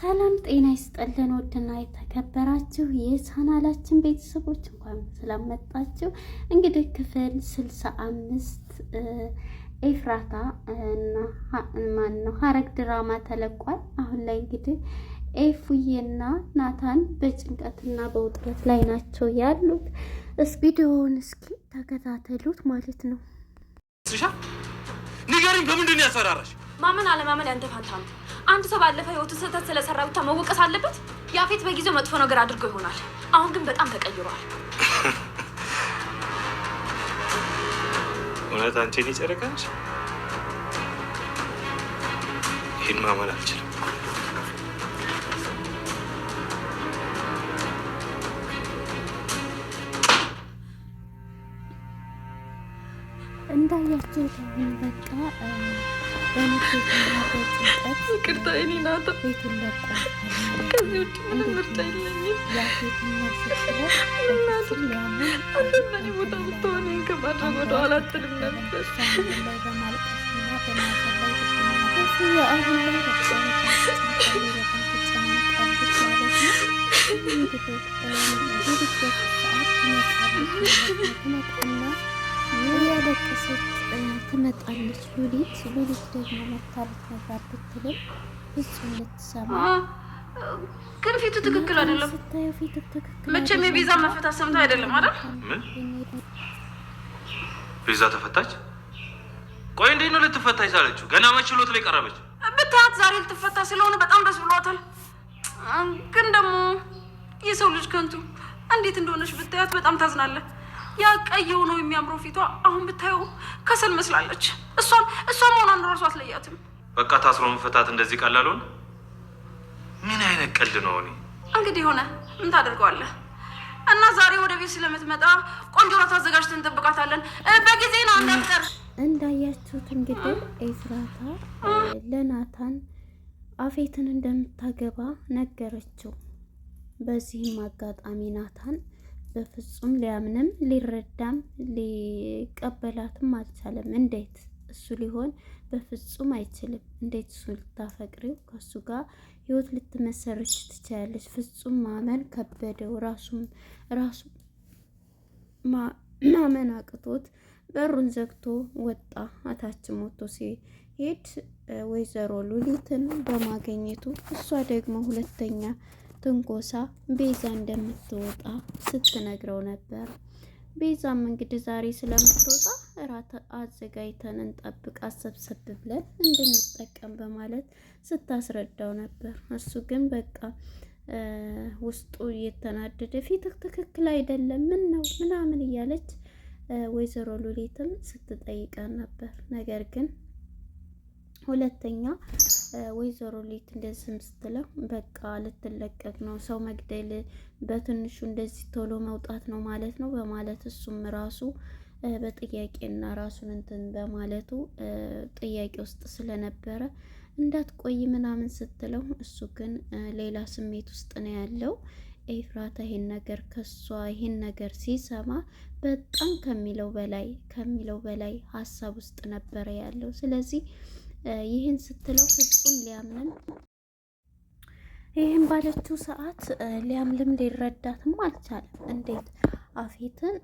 ሰላም ጤና ይስጥልን። ውድና የተከበራችሁ የቻናላችን ቤተሰቦች እንኳን ስላመጣችሁ። እንግዲህ ክፍል ስልሳ አምስት ኤፍራታ እና ማን ነው ድራማ ተለቋል። አሁን ላይ እንግዲህ ኤፉዬና ናታን በጭንቀትና በውጥረት ላይ ናቸው ያሉት። እስ ቪዲዮውን እስኪ ተከታተሉት ማለት ነው። ስሻ ንገሪኝ፣ በምንድን ያስፈራራሽ? ማመን አለማመን ያንተ ፋንታ ነው። አንድ ሰው ባለፈ ህይወቱ ስህተት ስለሰራ ብቻ መወቀስ አለበት? ያፌት በጊዜው መጥፎ ነገር አድርጎ ይሆናል። አሁን ግን በጣም ተቀይሯል። እውነት አንቺ እኔ ጨረቃ ነሽ? ይህን ማመን አልችልም። እንዳያቸው በቃ ይቅርታ የኔ ናታ። ከዚህ ውጭ ምንም ምርጫ የለኝም። አንተ በእኔ ቦታ ብትሆን ይህን ከማድረግ ወደ ኋላ አትልም ነበር። እያለቀሰች ትመጣለች። ሉሊት ሉሊት ደግሞ መታለት ነበር ብትልም ፍጹም ልትሰማ ግን ፊቱ ትክክል አይደለም። መቼም የቤዛ መፈታት ሰምታ አይደለም አይደል? ቤዛ ተፈታች። ቆይ እንዴት ነው ልትፈታ ይሳለችው? ገና መች ችሎት ላይ ቀረበች። ብታያት ዛሬ ልትፈታ ስለሆነ በጣም ደስ ብሏታል። ግን ደግሞ የሰው ልጅ ከንቱ እንዴት እንደሆነች ብታያት በጣም ታዝናለህ። ያ ቀይ የሚያምረው ፊቷ አሁን ብታየው ከሰል መስላለች። እሷን እሷን መሆኗን ራሱ አትለያትም። በቃ ታስሮ መፈታት እንደዚህ ቀላሉን? ምን አይነት ቀልድ ነው? እኔ እንግዲህ ሆነ፣ ምን ታደርገዋለህ? እና ዛሬ ወደ ቤት ስለምትመጣ ቆንጆ ራት አዘጋጅተን እንጠብቃታለን። በጊዜ ነው አንዳምጠር። እንዳያችሁት እንግዲህ ኤፍራታ ለናታን አፌትን እንደምታገባ ነገረችው። በዚህም አጋጣሚ ናታን በፍጹም ሊያምንም ሊረዳም ሊቀበላትም አልቻለም። እንዴት እሱ ሊሆን በፍጹም አይችልም። እንዴት እሱ ልታፈቅሪው ከእሱ ጋር ህይወት ልትመሰርች ትችላለች? ፍጹም ማመን ከበደው። ራሱም ራሱ ማመን አቅቶት በሩን ዘግቶ ወጣ። አታች ሞቶ ሲሄድ ወይዘሮ ሉሊትን በማገኘቱ እሷ ደግሞ ሁለተኛ ትንኮሳ ቤዛ እንደምትወጣ ስትነግረው ነበር። ቤዛም እንግዲህ ዛሬ ስለምትወጣ እራት አዘጋጅተን እንጠብቅ አሰብሰብ ብለን እንድንጠቀም በማለት ስታስረዳው ነበር። እሱ ግን በቃ ውስጡ እየተናደደ ፊትህ ትክክል አይደለም፣ ምን ነው ምናምን እያለች ወይዘሮ ሉሌትም ስትጠይቀን ነበር ነገር ግን ሁለተኛ ወይዘሮ ሌት እንደዚህም ስትለው በቃ ልትለቀቅ ነው፣ ሰው መግደል በትንሹ እንደዚህ ቶሎ መውጣት ነው ማለት ነው በማለት እሱም ራሱ በጥያቄና ራሱን እንትን በማለቱ ጥያቄ ውስጥ ስለነበረ እንዳትቆይ ምናምን ስትለው እሱ ግን ሌላ ስሜት ውስጥ ነው ያለው። ኤፍራታ ይሄን ነገር ከሷ ይሄን ነገር ሲሰማ በጣም ከሚለው በላይ ከሚለው በላይ ሀሳብ ውስጥ ነበረ ያለው። ስለዚህ ይህን ስትለው ፍጹም ሊያምንም ይህን ባለችው ሰዓት ሊያምልም ሊረዳትም አልቻለም። እንዴት አፌትን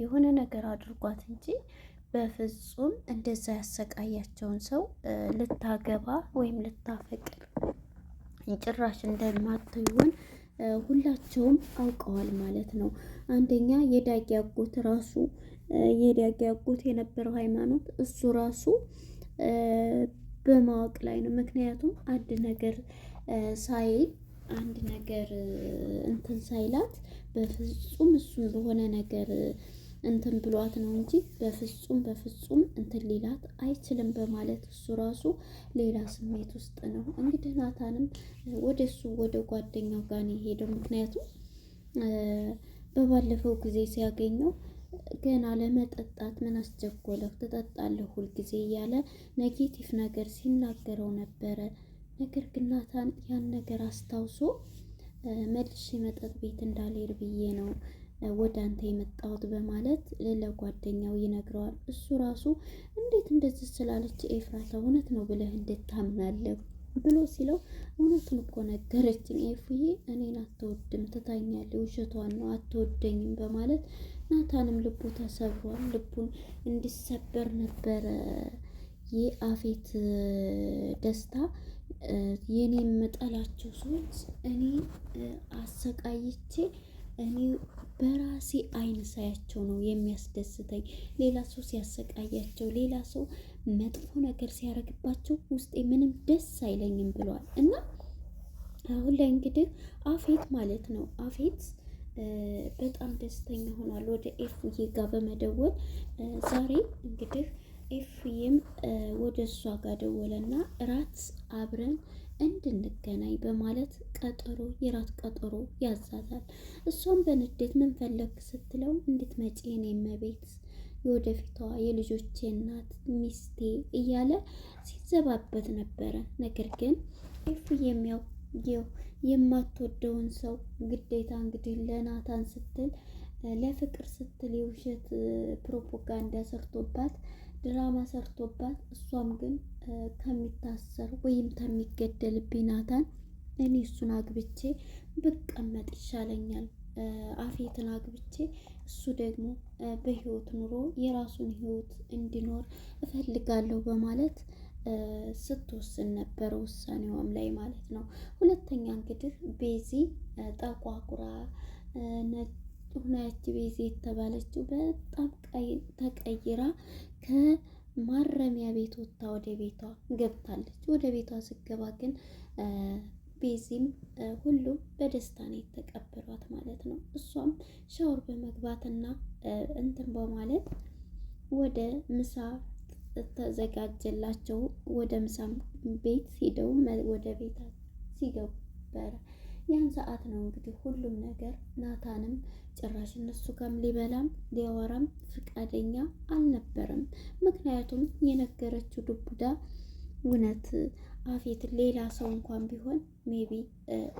የሆነ ነገር አድርጓት እንጂ በፍጹም እንደዛ ያሰቃያቸውን ሰው ልታገባ ወይም ልታፈቅር ጭራሽ እንደማትሆን ሁላቸውም አውቀዋል ማለት ነው። አንደኛ የዳጊ አጎት ራሱ የዳጊ አጎት የነበረው ሃይማኖት እሱ ራሱ በማወቅ ላይ ነው። ምክንያቱም አንድ ነገር ሳይ አንድ ነገር እንትን ሳይላት በፍጹም እሱም በሆነ ነገር እንትን ብሏት ነው እንጂ በፍጹም በፍጹም እንትን ሊላት አይችልም በማለት እሱ ራሱ ሌላ ስሜት ውስጥ ነው። እንግዲህ ናታንም ወደ እሱ ወደ ጓደኛው ጋር ነው የሄደው። ምክንያቱም በባለፈው ጊዜ ሲያገኘው ገና ለመጠጣት ምን አስቸኮለህ? ትጠጣለህ ሁልጊዜ እያለ ኔጌቲቭ ነገር ሲናገረው ነበረ። ነገር ግን ናታን ያን ነገር አስታውሶ መልሼ መጠጥ ቤት እንዳልሄድ ብዬ ነው ወደ አንተ የመጣሁት በማለት ለጓደኛው ይነግረዋል። እሱ ራሱ እንዴት እንደዚህ ስላለች ኤፍራታ እውነት ነው ብለህ እንዴት ታምናለህ ብሎ ሲለው እውነቱን እኮ ነገረችኝ ኤፍዬ፣ እኔን አትወድም ትታኛለህ፣ ውሸቷን ነው አትወደኝም በማለት ናታንም ልቡ ተሰብሯል። ልቡን እንዲሰበር ነበረ የአፌት ደስታ። የኔ የምጠላቸው ሰዎች እኔ አሰቃይቼ እኔ በራሴ አይን ሳያቸው ነው የሚያስደስተኝ። ሌላ ሰው ሲያሰቃያቸው፣ ሌላ ሰው መጥፎ ነገር ሲያደርግባቸው ውስጤ ምንም ደስ አይለኝም ብለዋል እና አሁን ላይ እንግዲህ አፌት ማለት ነው አፌት በጣም ደስተኛ ሆኗል። ወደ ኤፍዬ ጋር በመደወል ዛሬ እንግዲህ ኤፍዬም ወደ እሷ ጋር ደወለና እራት አብረን እንድንገናኝ በማለት ቀጠሮ የራት ቀጠሮ ያዛታል። እሷም በንዴት ምን ፈለግ ስትለው እንድትመጪ የኔ እመቤት የወደፊቷ የልጆቼ እናት ሚስቴ እያለ ሲዘባበት ነበረ። ነገር ግን ኤፍዬም ያው የማትወደውን ሰው ግዴታ እንግዲህ ለናታን ስትል ለፍቅር ስትል የውሸት ፕሮፓጋንዳ ሰርቶባት ድራማ ሰርቶባት እሷም ግን ከሚታሰር ወይም ከሚገደልብኝ ናታን እኔ እሱን አግብቼ ብቀመጥ ይሻለኛል፣ አፌትን አግብቼ እሱ ደግሞ በህይወት ኑሮ የራሱን ህይወት እንዲኖር እፈልጋለሁ በማለት ስትወስን ነበር ውሳኔዋም ላይ ማለት ነው። ሁለተኛ እንግዲህ ቤዚ ጠቋቁራ ሁናያች ቤዚ የተባለችው በጣም ተቀይራ ከማረሚያ ቤት ወጥታ ወደ ቤቷ ገብታለች። ወደ ቤቷ ስገባ ግን ቤዚም ሁሉም በደስታ ነው የተቀበሏት ማለት ነው። እሷም ሻወር በመግባትና እንትን በማለት ወደ ምሳ ተዘጋጀላቸው። ወደ ምሳም ቤት ሄደው ወደ ቤት ሲገቡ ያን ሰዓት ነው እንግዲህ ሁሉም ነገር ናታንም ጭራሽ እነሱ ጋም ሊበላም ሊያወራም ፈቃደኛ አልነበረም። ምክንያቱም የነገረችው ዱቡዳ እውነት አፌት ሌላ ሰው እንኳን ቢሆን ሜቢ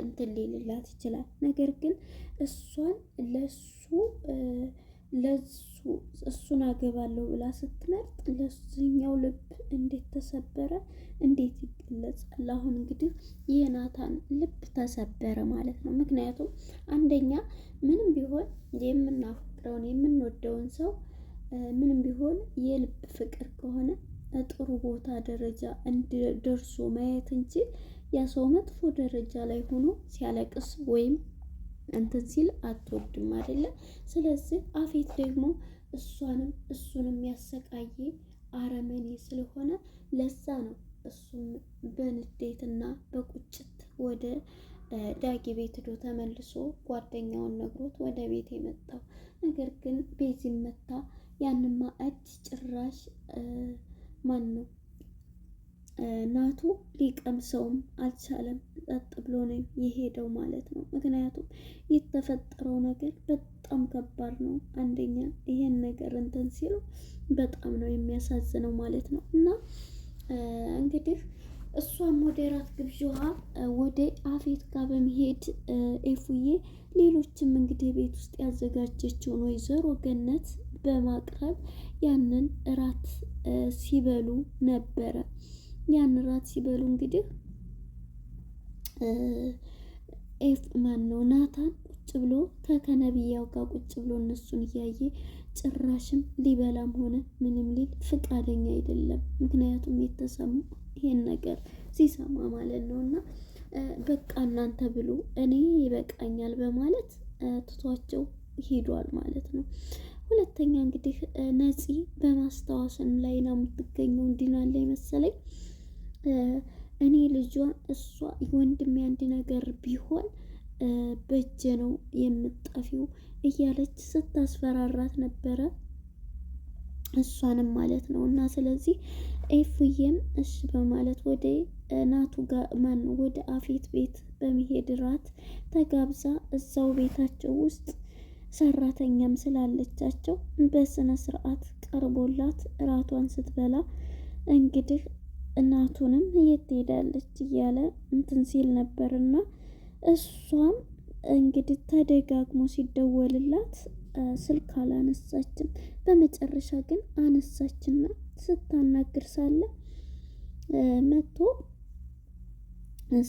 እንትን ሊልላት ይችላል። ነገር ግን እሷን ለሱ ለሱ እሱን አገባለሁ ብላ ስትመርጥ ለዚህኛው ልብ እንዴት ተሰበረ እንዴት ይገለጻል? አሁን እንግዲህ የናታን ልብ ተሰበረ ማለት ነው። ምክንያቱም አንደኛ ምንም ቢሆን የምናፈቅረውን የምንወደውን ሰው ምንም ቢሆን የልብ ፍቅር ከሆነ ጥሩ ቦታ ደረጃ እንዲደርሱ ማየት እንጂ ያ ሰው መጥፎ ደረጃ ላይ ሆኖ ሲያለቅስ ወይም እንትን ሲል አትወድም አይደለም። ስለዚህ አፌት ደግሞ እሷንም እሱንም የሚያሰቃይ አረመኔ ስለሆነ ለዛ ነው እሱም በንዴትና በቁጭት ወደ ዳጊ ቤት ሄዶ ተመልሶ ጓደኛውን ነግሮት ወደ ቤት የመጣው። ነገር ግን ቤዚም መታ ያንማ እጅ ጭራሽ ማን ነው ናቱ ሊቀምሰውም አልቻለም። ጸጥ ብሎ ነው የሄደው ማለት ነው። ምክንያቱም የተፈጠረው ነገር በጣም ከባድ ነው። አንደኛ ይሄን ነገር እንትን ሲሉ በጣም ነው የሚያሳዝነው ማለት ነው። እና እንግዲህ እሷም ወደ ራት ግብዣዋ ወደ አፌት ጋር በመሄድ ኤፉዬ ሌሎችም እንግዲህ ቤት ውስጥ ያዘጋጀችውን ወይዘሮ ገነት በማቅረብ ያንን እራት ሲበሉ ነበረ። ያን ራት ሲበሉ እንግዲህ ኤፍ ማን ነው ናታን ቁጭ ብሎ ከከነብያው ጋር ቁጭ ብሎ እነሱን እያየ ጭራሽም ሊበላም ሆነ ምንም ሊል ፍቃደኛ አይደለም። ምክንያቱም የተሰሙ ይሄን ነገር ሲሰማ ማለት ነው እና በቃ እናንተ ብሎ እኔ ይበቃኛል በማለት ትቷቸው ሄዷል ማለት ነው። ሁለተኛ እንግዲህ ነፂ በማስታወሰን ላይ ነው የምትገኘው እንዲናለ መሰለኝ እኔ ልጇ እሷ ወንድሜ አንድ ነገር ቢሆን በእጄ ነው የምጠፊው እያለች ስታስፈራራት ነበረ። እሷንም ማለት ነው እና ስለዚህ ኤፉዬም እሺ በማለት ወደ ናቱ ጋር ማን ወደ አፌት ቤት በመሄድ ራት ተጋብዛ እዛው ቤታቸው ውስጥ ሰራተኛም ስላለቻቸው በስነ ስርዓት ቀርቦላት እራቷን ስትበላ እንግዲህ እናቱንም የት ትሄዳለች እያለ እንትን ሲል ነበርና እሷም እንግዲህ ተደጋግሞ ሲደወልላት ስልክ አላነሳችም። በመጨረሻ ግን አነሳችና ስታናግር ሳለ መጥቶ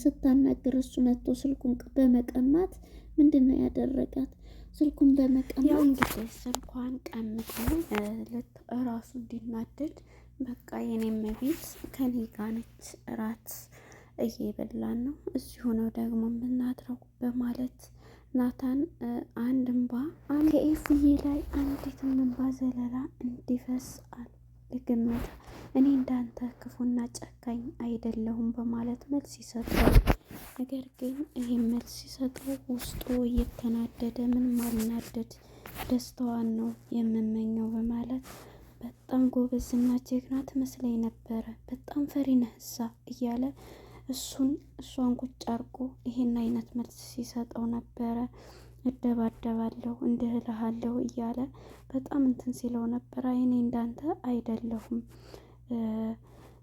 ስታናግር እሱ መጥቶ ስልኩን በመቀማት ምንድን ነው ያደረጋት? ስልኩን በመቀማት ያው እንግዲህ ስልኳን ቀምቶ ራሱ እንዲናደድ በቃ የኔ መቤት ከኔ ጋር ነች፣ እራት እየበላን ነው፣ እዚሁ ነው ደግሞ የምናድረው በማለት ናታን አንድ እንባ ከኤፍዬ ላይ አንዲት እንባ ዘለላ እንዲፈስ አልግመት። እኔ እንዳንተ ክፉና ጨካኝ አይደለሁም በማለት መልስ ይሰጠው። ነገር ግን ይህም መልስ ሲሰጠው ውስጡ እየተናደደ ምን ማልናደድ ደስታዋን ነው የምመኘው በማለት በጣም ጎበዝና ጀግና ትመስለኝ ነበረ፣ በጣም ፈሪ ነህሳ እያለ እሱን እሷን ቁጭ አርጎ ይሄን አይነት መልስ ሲሰጠው ነበረ። እደባደባለሁ እንድህልሃለሁ እያለ በጣም እንትን ሲለው ነበር። አይኔ እንዳንተ አይደለሁም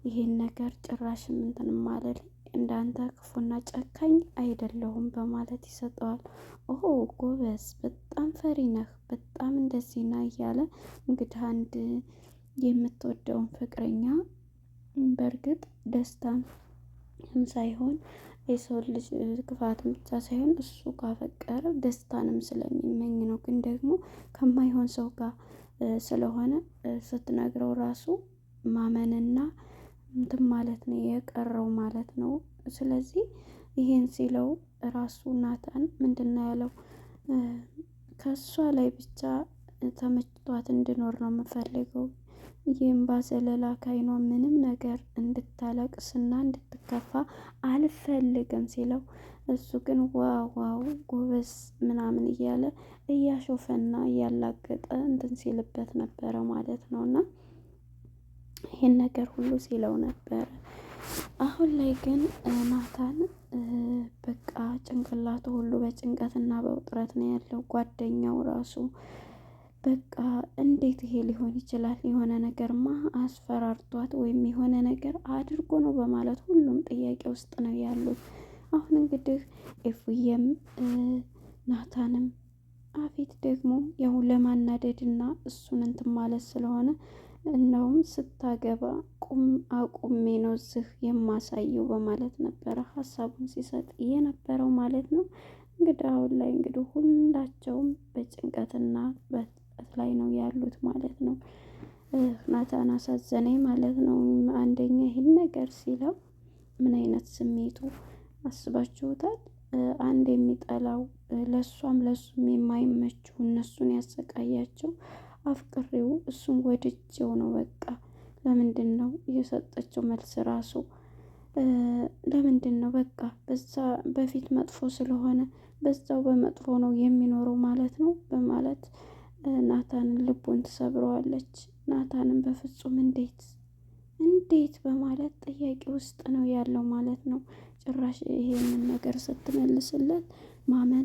ይሄን ነገር ጭራሽም እንትን ማለል እንዳንተ ክፉና ጨካኝ አይደለሁም በማለት ይሰጠዋል። ኦሆ ጎበዝ፣ በጣም ፈሪ ነህ፣ በጣም እንደዚህ ና እያለ እንግዲህ አንድ የምትወደውን ፍቅረኛ በእርግጥ ደስታን ሳይሆን የሰው ልጅ ክፋት ብቻ ሳይሆን እሱ ካፈቀረ ደስታንም ስለሚመኝ ነው። ግን ደግሞ ከማይሆን ሰው ጋር ስለሆነ ስትነግረው ራሱ ማመንና እንትን ማለት ነው የቀረው ማለት ነው። ስለዚህ ይሄን ሲለው ራሱ ናታን ምንድን ነው ያለው? ከእሷ ላይ ብቻ ተመችቷት እንድኖር ነው የምፈልገው። የእምባ ባዘለላ ካይኗ ምንም ነገር እንድታለቅስና እንድትከፋ አልፈልግም ሲለው፣ እሱ ግን ዋዋው ጎበዝ ምናምን እያለ እያሾፈና እያላገጠ እንትን ሲልበት ነበረ ማለት ነው እና ይሄን ነገር ሁሉ ሲለው ነበረ። አሁን ላይ ግን ናታን በቃ ጭንቅላቱ ሁሉ በጭንቀትና በውጥረት ነው ያለው። ጓደኛው ራሱ በቃ እንዴት ይሄ ሊሆን ይችላል? የሆነ ነገርማ አስፈራርቷት ወይም የሆነ ነገር አድርጎ ነው በማለት ሁሉም ጥያቄ ውስጥ ነው ያሉት። አሁን እንግዲህ ኤፉዬም ናታንም አፌት ደግሞ ያው ለማናደድ እና እሱን እንትን ማለት ስለሆነ እናውም ስታገባ አቁሜ ነው እዚህ የማሳየው በማለት ነበረ ሀሳቡን ሲሰጥ የነበረው ማለት ነው። እንግዲህ አሁን ላይ እንግዲህ ሁላቸውም በጭንቀትና በጥበት ላይ ነው ያሉት ማለት ነው። ናታን አሳዘነኝ ማለት ነው። አንደኛ ይህን ነገር ሲለው ምን አይነት ስሜቱ አስባችሁታል? አንድ የሚጠላው ለእሷም ለሱም የማይመችው እነሱን ያሰቃያቸው አፍቅሬው እሱም ወድጄው ነው። በቃ ለምንድን ነው የሰጠችው መልስ ራሱ ለምንድን ነው በቃ በዛ በፊት መጥፎ ስለሆነ በዛው በመጥፎ ነው የሚኖረው ማለት ነው በማለት ናታንን ልቡን ትሰብረዋለች። ናታንን በፍጹም እንዴት እንዴት በማለት ጥያቄ ውስጥ ነው ያለው ማለት ነው። ጭራሽ ይሄንን ነገር ስትመልስለት ማመን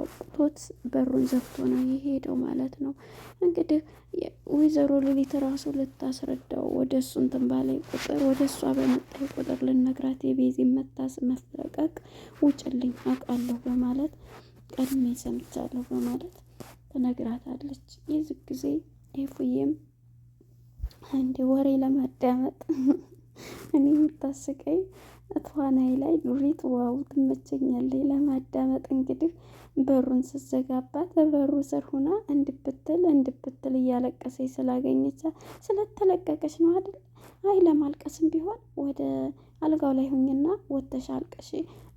አውቅቶት በሩን ዘግቶ ነው የሄደው ማለት ነው። እንግዲህ ወይዘሮ ሉሊት ራሱ ልታስረዳው ወደ እሱ እንትን ባላይ ቁጥር ወደ እሷ በመጣይ ቁጥር ልነግራት የቤዚ መታስ መፍለቀቅ ውጭልኝ አውቃለሁ በማለት ቀድሜ ሰምቻለሁ በማለት ትነግራታለች። የዚህ ጊዜ ኤፉዬም አንድ ወሬ ለማዳመጥ እኔ የምታስቀኝ ተዋናይ ላይ ዱሪት ዋው ትመቸኛለች። ለማዳመጥ እንግዲህ በሩን ስዘጋባት በሩ ስር ሁና እንድብትል እንድብትል እያለቀሰች ስላገኘቻት ስለተለቀቀች ነው አይደል? አይ ለማልቀስም ቢሆን ወደ አልጋው ላይ ሁኝና ወተሽ አልቀሽ፣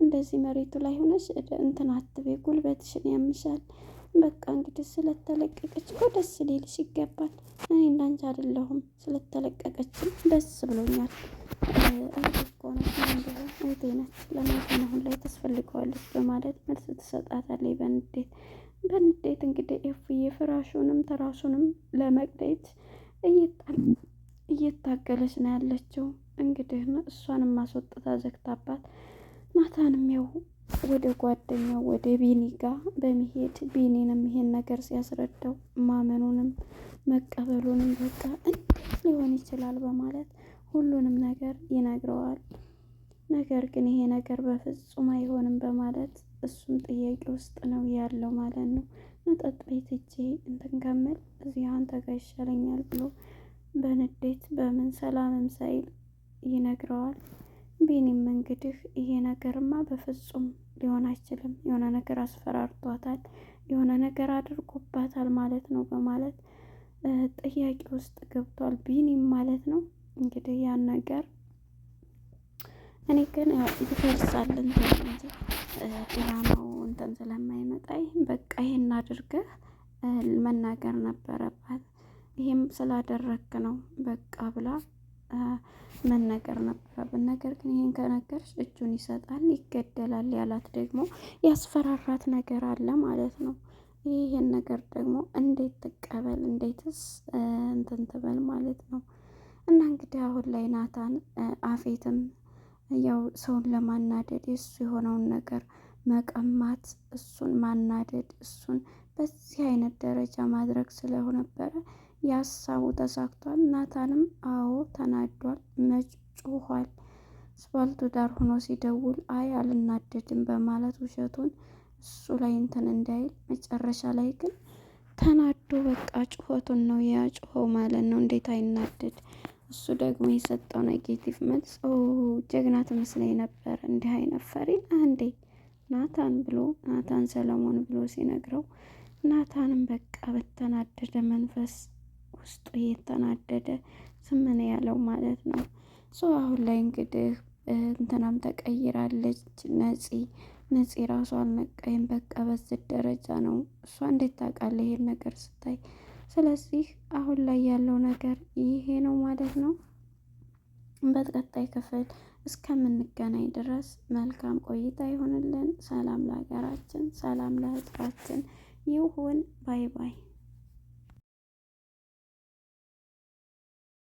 እንደዚህ መሬቱ ላይ ሆነሽ እንትን አትቤ፣ ጉልበትሽን ያምሻል በቃ እንግዲህ ስለተለቀቀች እኮ ደስ ሊልሽ ይገባል። እኔ እንዳንቺ አይደለሁም። ስለተለቀቀችም ደስ ብሎኛል። እህቴ ነች አሁን ላይ ተስፈልገዋለች በማለት መልስ ትሰጣታለች። በንዴት በንዴት እንግዲህ ኤፍዬ ፍራሹንም ተራሱንም ለመቅደት እየታገለች ነው ያለችው። እንግዲህ እሷንም ማስወጣት ዘግታባት ናታንም ያው ወደ ጓደኛው ወደ ቢኒ ጋር በመሄድ ቢኒንም ይሄን ነገር ሲያስረዳው ማመኑንም መቀበሉንም በቃ እንዴት ሊሆን ይችላል በማለት ሁሉንም ነገር ይነግረዋል። ነገር ግን ይሄ ነገር በፍጹም አይሆንም በማለት እሱም ጥያቄ ውስጥ ነው ያለው ማለት ነው። መጠጥ ቤት እጄ እንትን ከምል እዚህ አንተ ጋር ይሻለኛል ብሎ በንዴት በምን ሰላምም ሳይል ይነግረዋል። ቢኒም እንግዲህ ይሄ ነገርማ በፍጹም ሊሆን አይችልም፣ የሆነ ነገር አስፈራርቷታል፣ የሆነ ነገር አድርጎባታል ማለት ነው በማለት ጥያቄ ውስጥ ገብቷል። ቢኒም ማለት ነው እንግዲህ ያን ነገር እኔ ግን ይፈልሳል እንትን እንጂ ኢላማው እንትን ስለማይመጣ በቃ ይሄን አድርገህ መናገር ነበረባት፣ ይሄም ስላደረክ ነው በቃ ብላ መነገር ነበረብን። ነገር ግን ይህን ከነገርሽ እጁን ይሰጣል፣ ይገደላል ያላት ደግሞ ያስፈራራት ነገር አለ ማለት ነው። ይህን ነገር ደግሞ እንዴት ትቀበል? እንዴትስ እንትን ትበል ማለት ነው። እና እንግዲህ አሁን ላይ ናታን አፌትም ያው ሰውን ለማናደድ የእሱ የሆነውን ነገር መቀማት፣ እሱን ማናደድ፣ እሱን በዚህ አይነት ደረጃ ማድረግ ስለሆነበረ የሀሳቡ ተሳክቷል። ናታንም አዎ ተናዷል፣ መጭ ጩኋል። አስፋልቱ ዳር ሆኖ ሲደውል አይ አልናደድም በማለት ውሸቱን እሱ ላይ እንትን እንዳይል መጨረሻ ላይ ግን ተናዶ በቃ ጩኸቱን ነው ያ ያጩኸው ማለት ነው። እንዴት አይናደድ? እሱ ደግሞ የሰጠው ኔጌቲቭ መልስ ጀግና ትመስለኝ ነበር እንዲህ አይነት አንዴ ናታን ብሎ ናታን ሰለሞን ብሎ ሲነግረው ናታንም በቃ በተናደደ መንፈስ ውስጡ የተናደደ ስምን ያለው ማለት ነው። ሶ አሁን ላይ እንግዲህ እንትናም ተቀይራለች። ነፂ ነፂ ራሷ አልነቃይም። በቃ በዚህ ደረጃ ነው እሷ እንዴት ታውቃለህ ይሄን ነገር ስታይ። ስለዚህ አሁን ላይ ያለው ነገር ይሄ ነው ማለት ነው። በቀጣይ ክፍል እስከምንገናኝ ድረስ መልካም ቆይታ ይሆንልን። ሰላም ለሀገራችን፣ ሰላም ለሕዝባችን ይሁን። ባይ ባይ